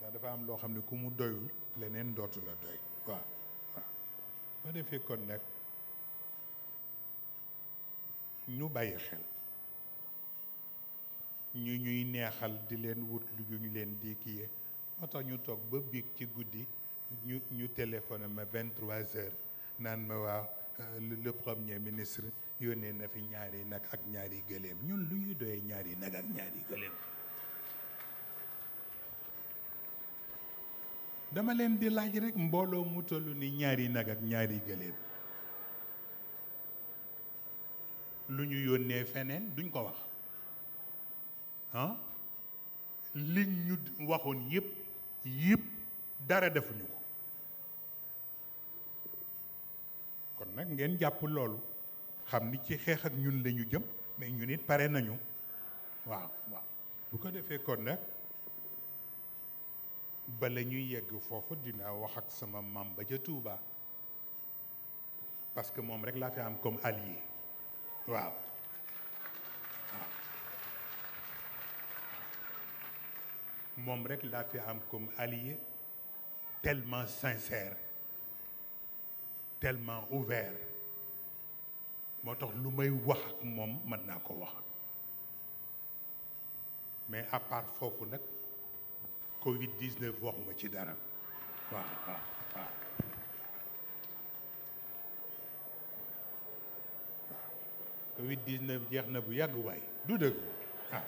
ndax dafa am loo xam ne ku mu doyul leneen dootu la doy waaw waaw ba defee kon nag ñu bàyyi xel ñu ñuy neexal di leen wut lu ñu leen di kiye moo tax ñu toog ba biig ci guddi ñu ñu téléphoné ma vingt-trois heures naan ma waaw euh, le premier ministre yónnee na fi ñaari nag ak ñaari gëléem ñun lu ñuy doyee ñaari nag ak ñaari gëléem dama leen di laaj rekk mbooloo mu toll ni ñaari nag ak ñaari gëléem lu ñu yónnee feneen duñ ko wax ah ñu waxoon yëpp yëpp dara defuñu ko kon nag ngeen jàpp loolu xam ni ci xeex ak ñun lañu jëm mais ñun it pare nañu waaw waaw bu ko defee kon nag bala ñuy yegg foofu dinaa wax ak sama maam ba ca Touba parce que moom rek l'a fi am comme allié waaw moom rek l'a fi am comme allié tellement sincère tellement ouvert moo tax lu may wax ak moom mën naa wax mais à part foofu nag Covid 19 waxuma ci dara waaw waaw Covid jeex na bu yàgg waay du dëgg ah